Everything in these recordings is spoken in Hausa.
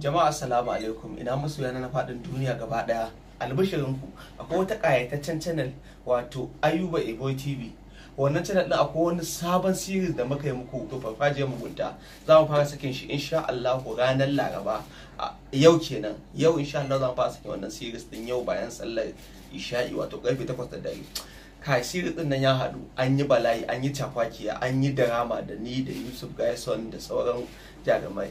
jama'a assalamu alaikum ina musu yana na faɗin duniya gaba ɗaya ku akwai wata kayataccen channel wato ayuba ebo tv wannan channel din akwai wani sabon series da muka yi muku to farfajiyar mugunta za mu fara sakin shi insha Allah ranar Laraba yau kenan yau insha Allah za mu fara sakin wannan series din yau bayan sallar isha'i wato karfe 8 da dare kai series din nan ya hadu an yi bala'i an yi tafakiya an yi drama da ni da Yusuf Gaison da sauran jarumai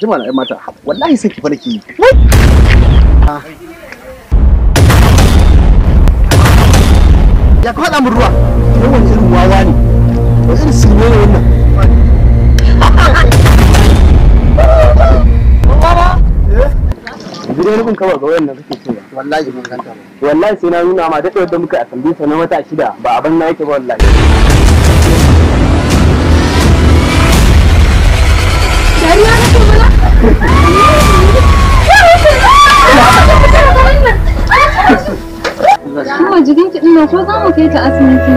jima na mata wallahi sai ki fa yi ya ka faɗa min ruwa yawan irin wawa ne wa irin silme ne wannan Gidai rubin kawai ga wayan da kake cewa. Wallahi mun kanta Wallahi sai na nuna ma daɗewar da muka a tambi na wata shida ba abin na yake ba wallahi. ciwo jikin ki nan ko za mu kai ta asibiti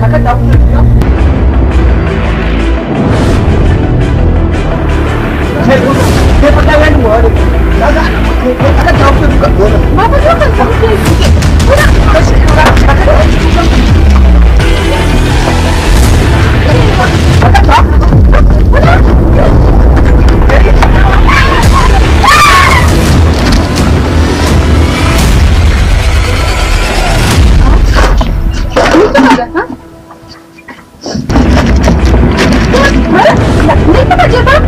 kai kai kai रखा हाँ? हाँ? हाँ?